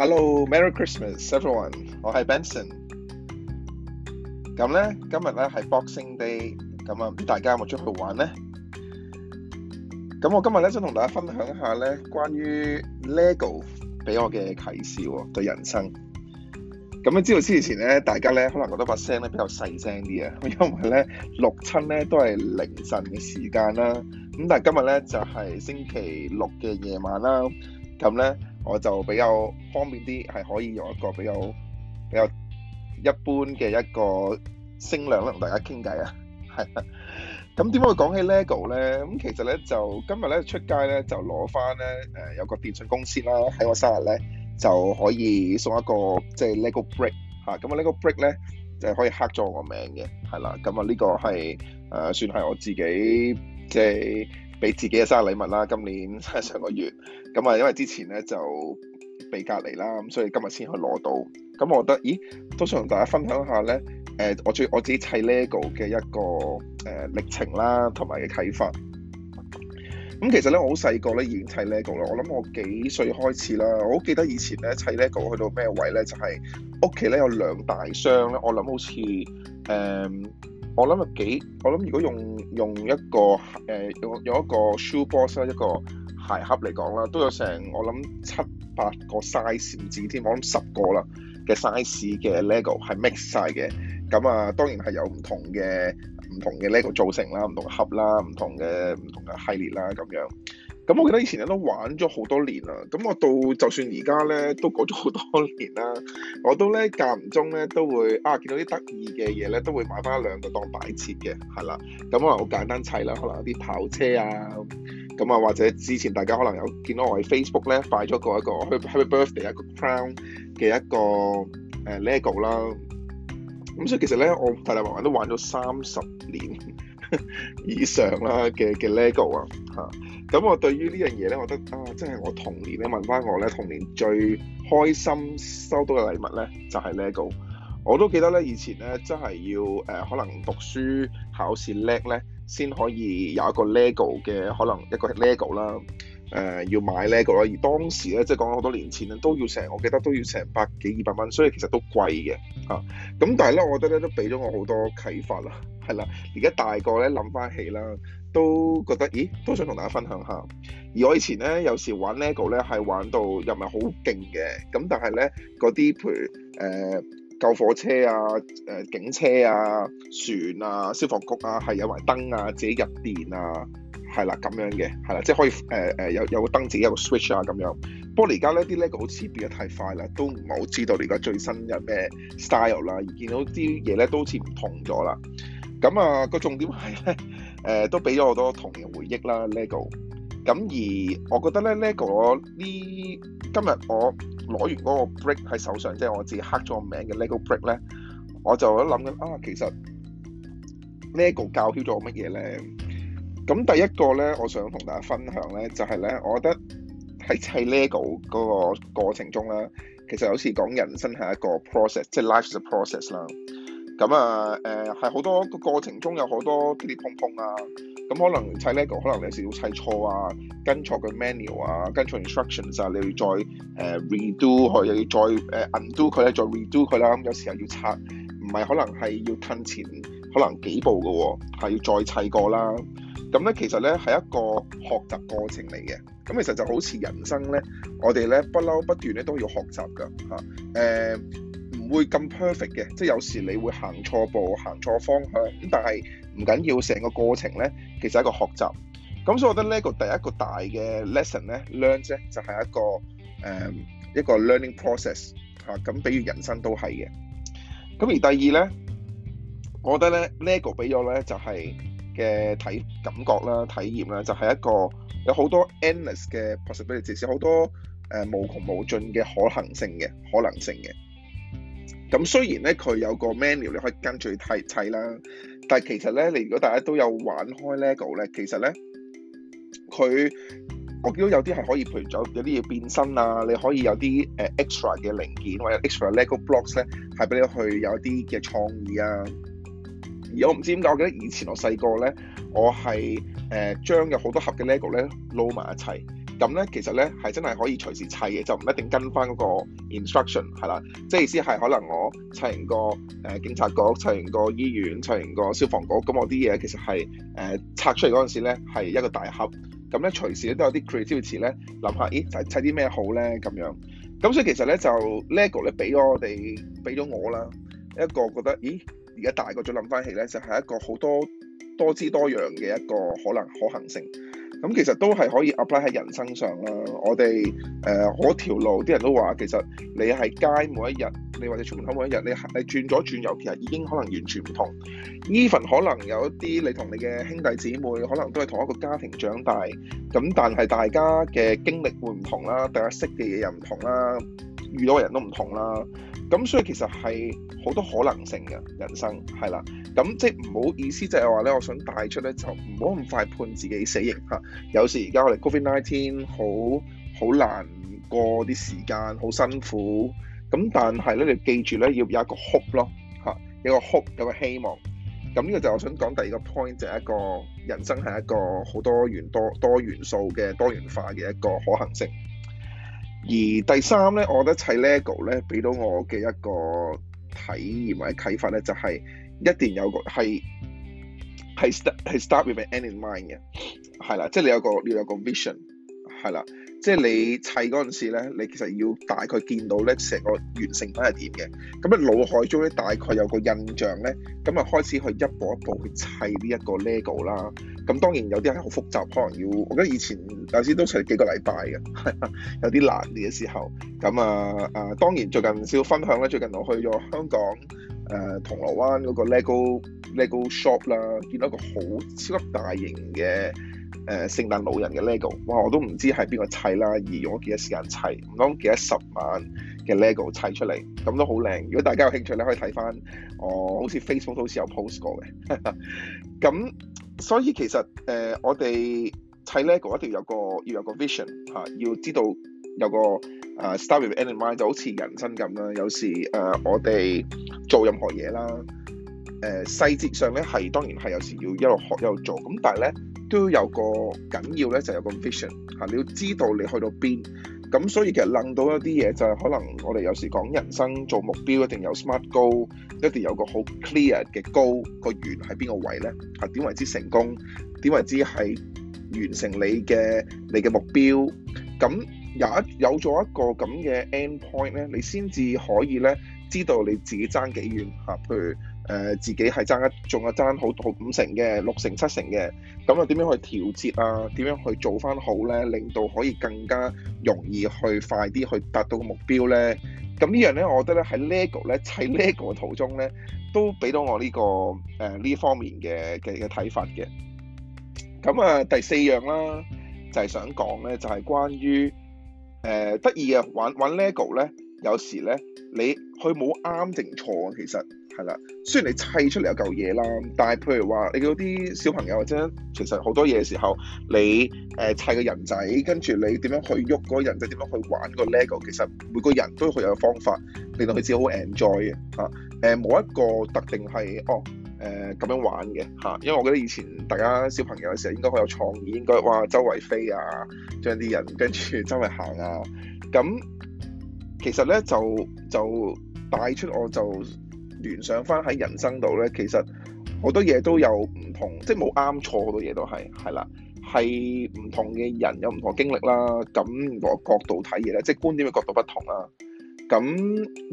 Hello, Merry Christmas, everyone！我係 Benson。咁咧，今日咧係 Boxing Day，咁啊，唔知大家有冇出去玩咧？咁我今日咧想同大家分享下咧關於 LEGO 俾我嘅啟示對人生。咁你知道之前咧，大家咧可能覺得把聲咧比較細聲啲啊，因為咧錄親咧都係凌晨嘅時間啦。咁但係今日咧就係星期六嘅夜晚啦。咁咧。我就比較方便啲，係可以用一個比較比較一般嘅一個聲量咧，同大家傾偈啊。係。咁點解會講起 LEGO 咧？咁其實咧就今日咧出街咧就攞翻咧誒有個電信公司啦，喺我生日咧就可以送一個即係 LEGO brick 嚇、啊。咁、那、啊、個、LEGO brick 咧就係可以刻咗我個名嘅，係啦。咁啊呢個係誒、呃、算係我自己即係。俾自己嘅生日禮物啦，今年即係上個月，咁啊，因為之前咧就被隔離啦，咁所以今日先去攞到，咁我覺得，咦，都想同大家分享下咧，誒，我最我自己砌 LEGO 嘅一個誒歷程啦，同埋嘅啟發。咁其實咧，我好細個咧已經砌 LEGO 啦，我諗我幾歲開始啦？我好記得以前咧砌 LEGO 去到咩位咧，就係屋企咧有兩大箱咧，我諗好似誒。嗯我諗啊幾，我諗如果用用一個誒，用用一個 shoe box 啦，一個鞋盒嚟講啦，都有成我諗七八個 size 唔止添，我諗十個啦嘅 size 嘅 LEGO 係 mix 曬嘅。咁啊，當然係有唔同嘅唔同嘅 LEGO 造成啦，唔同盒啦，唔同嘅唔同嘅系列啦，咁樣。咁我記得以前我都玩咗好多年啦，咁我到就算而家咧都過咗好多年啦，我都咧間唔中咧都會啊見到啲得意嘅嘢咧，都會買翻一兩個當擺設嘅，係啦。咁可能好簡單砌啦，可能有啲跑車啊，咁啊或者之前大家可能有見到我喺 Facebook 咧擺咗一個一個 Happy Birthday 一個 Crown 嘅一個誒 LEGO 啦。咁所以其實咧我大大話話都玩咗三十年 以上啦嘅嘅 LEGO 啊嚇。咁我對於件事呢樣嘢呢，我覺得啊，即係我童年咧問返我呢，童年最開心收到嘅禮物呢，就係、是、LEGO。我都記得呢，以前呢，真係要、呃、可能讀書考試叻呢，先可以有一個 LEGO 嘅可能一個 LEGO 啦、呃。要買 LEGO 啦，而當時呢，即係講咗好多年前呢，都要成，我記得都要成百幾二百蚊，所以其實都貴嘅。嚇、啊、咁，但係咧，我覺得咧都俾咗我好多啟發啦，係啦。而家大個咧，諗翻起啦，都覺得咦，都想同大家分享一下。而我以前咧，有時候玩 LEGO 咧，係玩到又唔係好勁嘅。咁但係咧，嗰啲譬如誒救、呃、火車啊、誒、呃、警車啊、船啊、消防局啊，係有埋燈啊，自己入電啊，係啦咁樣嘅，係啦，即係可以誒誒、呃、有有個燈自己有個 switch 啊咁樣。不過而家呢啲 LEGO 好似變得太快啦，都唔係好知道你而家最新有咩 style 啦，而見到啲嘢咧都好似唔同咗啦。咁啊、個重點係咧，誒、呃、都俾咗好多童年回憶啦 LEGO。咁而我覺得咧 LEGO 我呢今日我攞完嗰個 brick 喺手上，即係我自己刻咗個名嘅 LEGO brick 咧，我就都諗緊啊其實 LEGO 教曉咗我乜嘢咧？咁第一個咧，我想同大家分享咧，就係咧，我覺得。喺砌 Lego 嗰個過程中啦，其實好似講人生係一個 process，即係 life is a process 啦。咁啊，誒係好多個過程中有好多跌跌碰碰啊。咁可能砌 Lego 可能有時要砌錯啊，跟錯嘅 menu 啊，跟錯 instructions 啊，你要再誒 redo 佢，又要再誒 undo 佢咧，再 redo 佢啦。咁有時候要拆，唔係可能係要褪前可能幾步嘅喎、啊，係要再砌過啦。咁咧，其實咧係一個學習過程嚟嘅。咁其實就好似人生咧，我哋咧不嬲不斷咧都要學習㗎嚇。誒唔會咁 perfect 嘅，即係有時你會行錯步、行錯方向咁，但係唔緊要。成個過程咧，其實係一個學習。咁所以我覺得呢個第一個大嘅 lesson 咧，learn 咧就係一個誒一個 learning process 嚇。咁比如人生都係嘅。咁而第二咧，我覺得咧呢個俾咗咧就係、是。嘅體感覺啦、體驗啦，就係、是、一個有好多 endless 嘅 possibility，即使好多誒、呃、無窮無盡嘅可行性嘅可能性嘅。咁雖然咧，佢有個 menu 你可以跟住去睇睇啦，但係其實咧，你如果大家都有玩開 LEGO 咧，其實咧佢我見到有啲係可以，譬如咗，有啲嘢變身啊，你可以有啲誒 extra 嘅零件或者 extra LEGO blocks 咧，係俾你去有一啲嘅創意啊。而我唔知點解，我記得以前我細個咧，我係誒、呃、將有好多盒嘅 LEGO 咧撈埋一齊，咁咧其實咧係真係可以隨時砌嘅，就唔一定跟翻嗰個 instruction 係啦。即係意思係可能我砌完個誒警察局，砌完個醫院，砌完個消防局，咁我啲嘢其實係誒、呃、拆出嚟嗰陣時咧係一個大盒，咁咧隨時都有啲 creative 嘅諗下，咦就係砌啲咩好咧咁樣。咁所以其實咧就 LEGO 咧俾咗我哋，俾咗我啦一個覺得咦。而家大個咗，諗翻起咧，就係一個好多多姿多樣嘅一個可能可行性。咁其實都係可以 apply 喺人生上啦。我哋誒嗰條路，啲人都話其實你喺街每一日，你或者出門口每一日，你你轉左轉右，其實已經可能完全唔同。Even 可能有一啲你同你嘅兄弟姊妹，可能都係同一個家庭長大，咁但係大家嘅經歷會唔同啦，大家識嘅嘢又唔同啦。遇到嘅人都唔同啦，咁所以其實係好多可能性嘅人生，係啦，咁即係唔好意思就係話呢，我想帶出呢，就唔好咁快判自己死刑嚇。有時而家我哋 COVID-19 好好難過啲時間，好辛苦，咁但係呢，你記住呢，要有一個 hope 咯嚇，有一個 hope 有個希望。咁呢個就我想講第二個 point 就係一個人生係一個好多元多多元素嘅多元化嘅一個可行性。而第三咧，我覺得砌 lego 咧，俾到我嘅一個體驗或者啟發咧，就係一定有個係係 start 係 start with an end in mind 嘅，係啦，即係你有個你有個 vision，係啦。即係你砌嗰陣時咧，你其實要大概見到咧成個完成品係點嘅，咁咧腦海中咧大概有個印象咧，咁啊開始去一步一步去砌呢一個 Lego 啦。咁當然有啲係好複雜，可能要我覺得以前有時都砌幾個禮拜嘅， 有啲難嘅時候。咁啊啊，當然最近先分享咧，最近我去咗香港誒、呃、銅鑼灣嗰個 Lego Lego Shop 啦，見到一個好超級大型嘅。誒、呃，聖誕老人嘅 LEGO，哇，我都唔知係邊個砌啦，而用咗幾多時間砌，唔通砌多十萬嘅 LEGO 砌出嚟，咁都好靚。如果大家有興趣咧，可以睇翻，我、哦、好似 Facebook 好似有 post 過嘅。咁所以其實誒、呃，我哋砌 LEGO 一定要有個要有個 vision 吓、啊，要知道有個誒 start with end in mind，就好似人生咁啦。有時誒、呃，我哋做任何嘢啦，誒、呃，細節上咧係當然係有時要一路學一路做，咁但係咧。都有個緊要咧，就有個 vision 嚇你要知道你去到邊。咁所以其實諗到一啲嘢就係，可能我哋有時講人生做目標一定有 smart goal，一定有一個好 clear 嘅 goal，個源喺邊個位呢？啊點為之成功？點為之係完成你嘅你嘅目標？咁有一有咗一個咁嘅 end point 呢，你先至可以呢，知道你自己爭幾遠嚇。譬如。誒、呃、自己係爭一仲係爭好到五成嘅六成七成嘅，咁啊點樣去調節啊？點樣去做翻好咧？令到可以更加容易去快啲去達到個目標咧？咁呢樣咧，我覺得咧喺 LEGO 咧砌 LEGO 嘅途中咧，都俾到我呢、這個誒呢、呃、方面嘅嘅嘅睇法嘅。咁啊、呃、第四樣啦，就係、是、想講咧，就係、是、關於誒、呃、得意嘅玩玩 LEGO 咧。有時咧，你佢冇啱定錯，其實係啦。雖然你砌出嚟有嚿嘢啦，但係譬如話你嗰啲小朋友或者，其實好多嘢嘅時候，你誒、呃、砌個人仔，跟住你點樣去喐嗰個人仔，點樣去玩個 Lego，其實每個人都會有個方法令到佢自己好 enjoy 嘅嚇。誒、啊、冇、呃、一個特定係哦誒咁、呃、樣玩嘅嚇、啊，因為我覺得以前大家小朋友嘅時候應該好有創意，應該哇周圍飛啊，將啲人跟住周圍行啊咁。那其實咧就就帶出我就聯想翻喺人生度咧，其實好多嘢都有唔同，即係冇啱錯，好多嘢都係係啦，係唔同嘅人有唔同嘅經歷啦，咁我角度睇嘢咧，即係觀點嘅角度不同啦。咁，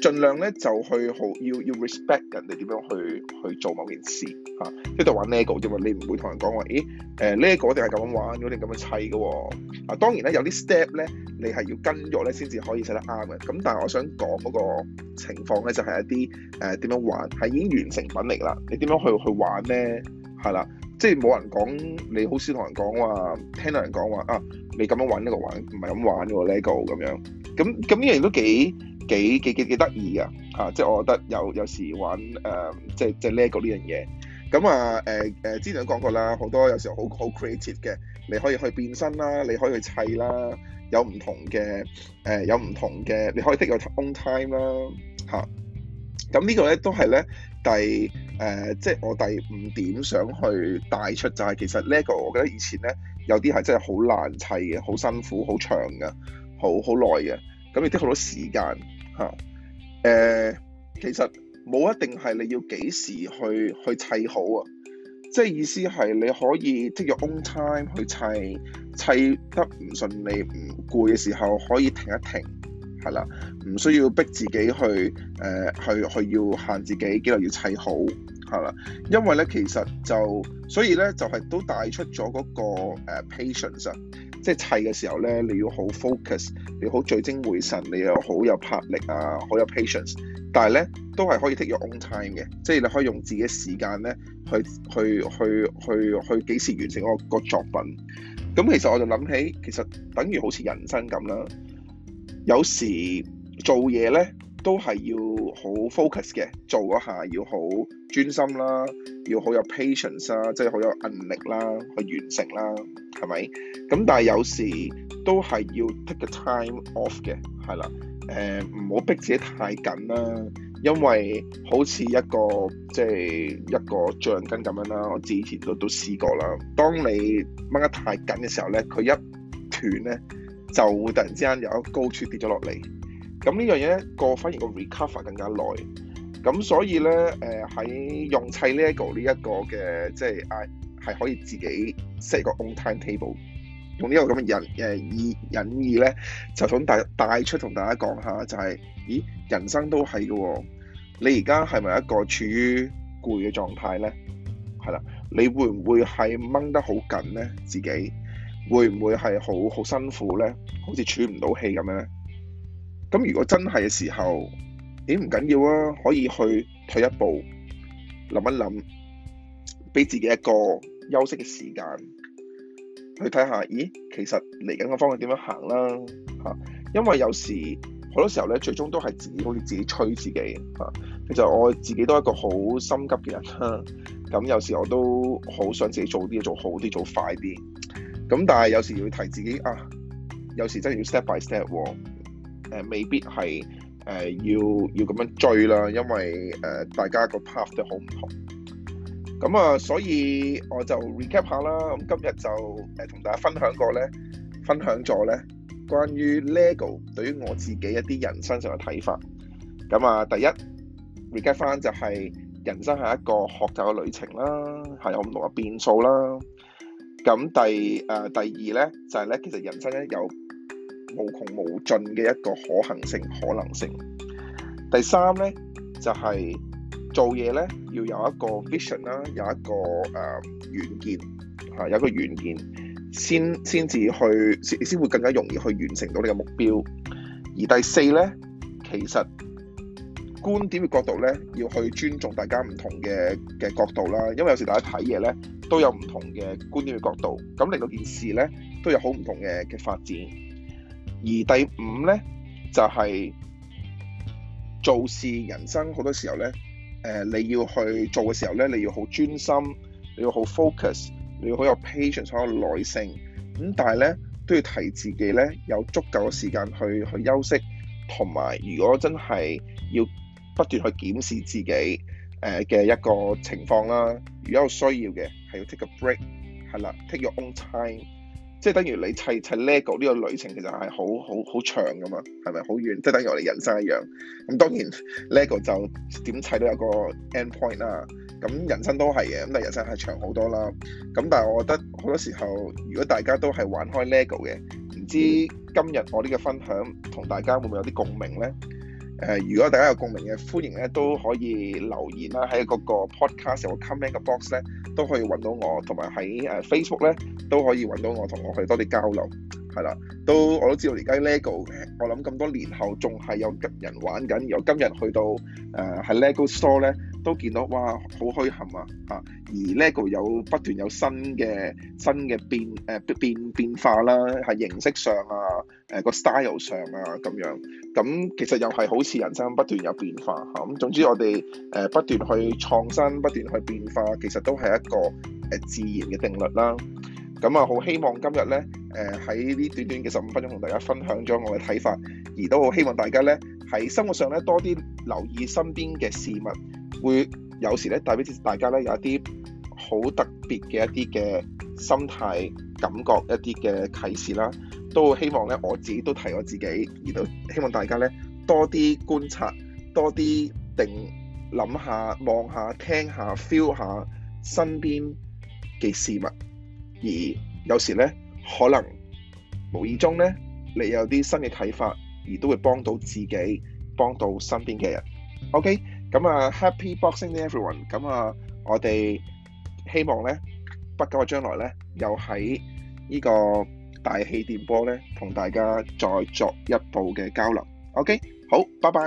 儘量咧就去好，要要 respect 人哋點樣去去做某件事嚇、啊，即係玩 lego 啫嘛，你唔會同人講話，咦、呃，誒、啊，呢個一定係咁樣玩，如果你咁樣砌嘅喎，啊，當然咧有啲 step 咧，你係要跟咗咧先至可以砌得啱嘅。咁、啊、但係我想講嗰個情況咧，就係、是、一啲誒點樣玩係已經完成品嚟啦，你點樣去去玩咧？係啦，即係冇人講，你好少同人講話，聽到人講話啊，你咁樣玩呢、呢個玩唔係咁玩嘅 lego 咁樣，咁咁呢樣都幾～幾幾幾幾得意噶嚇！即係我覺得有有時玩誒、呃，即係即係 lego 呢樣嘢咁啊誒誒、呃，之前都講過啦，好多有時候好好 creative 嘅，你可以去變身啦，你可以去砌啦，有唔同嘅誒、呃，有唔同嘅你可以 take your own time 啦嚇。咁、啊、呢個咧都係咧第誒、呃，即係我第五點想去帶出就係、是、其實 lego 我覺得以前咧有啲係真係好難砌嘅，好辛苦，好長嘅，好好耐嘅，咁亦都好多時間。啊、嗯，其實冇一定係你要幾時去去砌好啊，即係意思係你可以即係用 on time 去砌，砌得唔順利唔攰嘅時候可以停一停，係啦，唔需要逼自己去誒、呃、去去要限自己幾耐要砌好，係啦，因為咧其實就所以咧就係、是、都帶出咗嗰個 patience 啊。即係砌嘅時候咧，你要好 focus，你好聚精會神，你又好有魄力啊，好有 patience。但係咧，都係可以 take your own time 嘅，即係你可以用自己的時間咧，去去去去去幾時完成個個作品。咁其實我就諗起，其實等於好似人生咁啦。有時做嘢咧，都係要好 focus 嘅，做嗰下要好專心啦，要好有 patience 啦，即係好有韌力啦，去完成啦。係咪？咁但係有時都係要 take the time off 嘅，係啦。誒、呃，唔好逼自己太緊啦，因為好似一個即係一個橡筋咁樣啦。我之前都都試過啦。當你掹得太緊嘅時候咧，佢一斷咧就會突然之間有一高處跌咗落嚟。咁呢樣嘢一個反而個 recover 更加耐。咁所以咧，誒喺用砌呢、這、一個呢一、這個嘅即係 I。係可以自己 set 個 on-time table，用個、呃、呢個咁嘅隱誒意隱意咧，就想帶帶出同大家講下，就係、是、咦人生都係嘅喎，你而家係咪一個處於攰嘅狀態咧？係啦，你會唔會係掹得好緊咧？自己會唔會係好好辛苦咧？好似喘唔到氣咁樣咧？咁如果真係嘅時候，咦唔緊要啊，可以去退一步，諗一諗。俾自己一個休息嘅時間，去睇下，咦，其實嚟緊嘅方向點樣行啦？嚇、啊，因為有時好多時候咧，最終都係自己好似自己催自己嚇、啊。其實我自己都係一個好心急嘅人啦，咁、啊、有時我都好想自己做啲嘢做好啲，做快啲。咁但係有時要提自己啊，有時真係要 step by step 喎、啊。未必係誒、啊、要要咁樣追啦，因為誒、啊、大家個 path 都好唔同。咁啊，所以我就 recap 下啦。咁今日就誒同大家分享過呢，分享咗呢關於 LEGO 對於我自己一啲人生上嘅睇法。咁啊，第一 recap 翻就係人生係一個學習嘅旅程啦，係有唔同嘅變數啦。咁第誒、呃、第二呢，就係、是、呢，其實人生呢有無窮無盡嘅一個可行性，可能性。第三呢，就係、是。做嘢咧要有一個 vision 啦，有一個誒遠見，吓，有一個遠見先先至去先先會更加容易去完成到你嘅目標。而第四咧，其實觀點嘅角度咧，要去尊重大家唔同嘅嘅角度啦，因為有時大家睇嘢咧都有唔同嘅觀點嘅角度，咁令到件事咧都有好唔同嘅嘅發展。而第五咧就係、是、做事，人生好多時候咧。誒、uh, 你要去做嘅時候咧，你要好專心，你要好 focus，你要好有 patience，好有耐性。咁但係咧，都要提自己咧有足夠嘅時間去去休息，同埋如果真係要不斷去檢視自己誒嘅一個情況啦。如果有需要嘅，係要 take a break，係啦，take your own time。即係等於你砌砌 LEGO 呢個旅程其實係好好好長㗎嘛，係咪好遠？即係等於我哋人生一樣。咁當然 LEGO 就點砌都有個 end point 啦、啊。咁人生都係嘅，咁但係人生係長好多啦。咁但係我覺得好多時候，如果大家都係玩開 LEGO 嘅，唔知今日我呢個分享同大家會唔會有啲共鳴呢？誒、呃，如果大家有共鳴嘅，歡迎咧都可以留言啦、啊，喺嗰個 podcast 個 comment 嘅 box 咧都可以揾到我，同埋喺誒 Facebook 咧都可以揾到我，同我去多啲交流，係啦，都我都知道而家 LEGO，嘅，我諗咁多年後仲係有人玩緊，由今日去到誒喺、呃、LEGO store 咧。都見到哇，好虛憾啊！啊，而呢個有不斷有新嘅新嘅變誒、呃、變變化啦，係形式上啊，誒、呃、個 style 上啊咁樣咁，其實又係好似人生不斷有變化嚇。咁、啊、總之我哋誒、呃、不斷去創新，不斷去變化，其實都係一個誒、呃、自然嘅定律啦。咁啊，好希望今日呢誒喺呢短短嘅十五分鐘同大家分享咗我嘅睇法，而都好希望大家呢喺生活上呢多啲留意身邊嘅事物。.會有時咧帶俾大家咧有一啲好特別嘅一啲嘅心態、感覺、一啲嘅啟示啦，都會希望咧我自己都提我自己，而都希望大家咧多啲觀察，多啲定諗下、望下、聽下、feel 下身邊嘅事物，而有時咧可能無意中咧你有啲新嘅啟發，而都會幫到自己，幫到身邊嘅人。OK。咁啊，Happy Boxing Day, everyone！咁啊，我哋希望咧，不久嘅將來咧，又喺呢個大氣電波咧，同大家再作一步嘅交流。OK，好，拜拜。